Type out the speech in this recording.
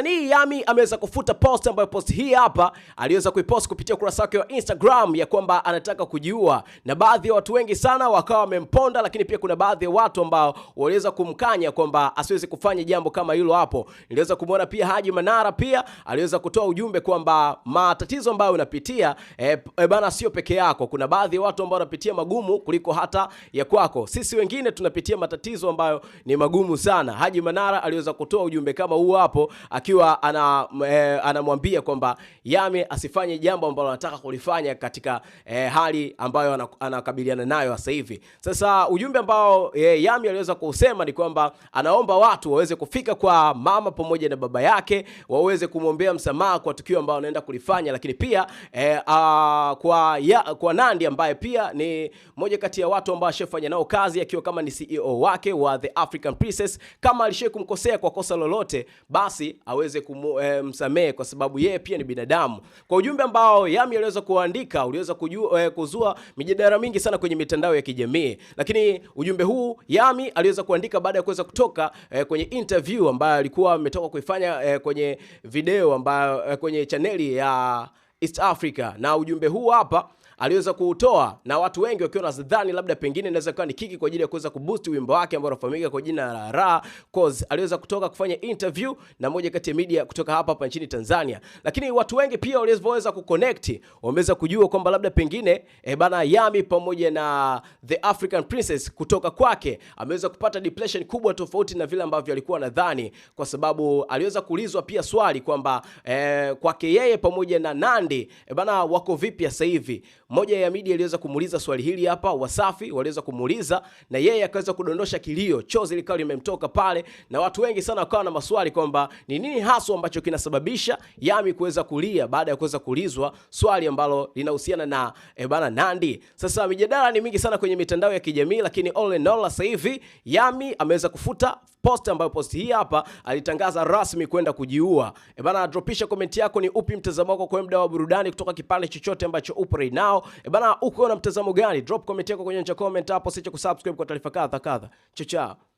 Msanii Yammy ameweza kufuta post ambayo post hii hapa aliweza kuipost kupitia ukurasa wake wa Instagram ya kwamba anataka kujiua, na baadhi ya watu wengi sana wakawa wamemponda, lakini pia kuna baadhi ya watu ambao waliweza kumkanya kwamba asiwezi kufanya jambo kama hilo. Hapo niliweza kumwona pia Haji Manara pia aliweza kutoa ujumbe kwamba matatizo ambayo unapitia e, e, bana sio peke yako. Kuna baadhi ya watu ambao wanapitia magumu kuliko hata ya kwako. Sisi wengine tunapitia matatizo ambayo ni magumu sana. Haji Manara aliweza kutoa ujumbe kama huo hapo akiwa ana, e, anamwambia kwamba Yame asifanye jambo ambalo anataka kulifanya katika e, hali ambayo anakabiliana nayo sasa hivi. Sasa ujumbe ambao e, eh, Yame aliweza kusema ni kwamba anaomba watu waweze kufika kwa mama pamoja na baba yake waweze kumwombea msamaha kwa tukio ambalo anaenda kulifanya, lakini pia e, a, ah, kwa, ya, kwa Nandi ambaye pia ni moja kati ya watu ambao ashafanya nao kazi akiwa kama ni CEO wake wa The African Princess, kama alishai kumkosea kwa kosa lolote basi aweze kumsamehe eh, kwa sababu yeye pia ni binadamu. Kwa ujumbe ambao Yami aliweza kuandika uliweza eh, kuzua mijadala mingi sana kwenye mitandao ya kijamii, lakini ujumbe huu Yami aliweza kuandika baada ya kuweza kutoka eh, kwenye interview ambayo alikuwa ametoka kuifanya eh, kwenye video ambayo eh, kwenye chaneli ya East Africa na ujumbe huu hapa aliweza kuutoa na watu wengi wakiwa wanadhani labda pengine inaweza kuwa ni kiki kwa ajili ya kuweza kuboost wimbo wake ambao unafahamika kwa jina la Ra cause. Aliweza kutoka kufanya interview na moja kati ya media kutoka hapa hapa nchini Tanzania, lakini watu wengi pia waliweza kuconnect, wameweza kujua kwamba labda pengine e, bana Yami pamoja na The African Princess kutoka kwake ameweza kupata depression kubwa tofauti na vile ambavyo alikuwa nadhani, kwa sababu aliweza kuulizwa pia swali kwamba e, kwake yeye pamoja na Nandi e, eh, bana wako vipi sasa hivi moja ya media iliweza kumuuliza swali hili hapa, Wasafi waliweza kumuuliza na yeye akaweza kudondosha kilio, chozi likawa limemtoka pale, na watu wengi sana wakawa na maswali kwamba ni nini hasa ambacho kinasababisha Yami kuweza kulia baada ya kuweza kuulizwa swali ambalo linahusiana na e, bana Nandy. Sasa mijadala ni mingi sana kwenye mitandao ya kijamii, lakini all in all sasa hivi Yami ameweza kufuta post ambayo post hii hapa alitangaza rasmi kwenda kujiua. E bana, dropisha comment yako, ni upi mtazamo wako kwa mda wa burudani kutoka kipande chochote ambacho upo right now yao. E eh, bana, uko na mtazamo gani? Drop comment yako kwenye nje comment hapo, siache kusubscribe kwa taarifa kadha kadha. Chao chao.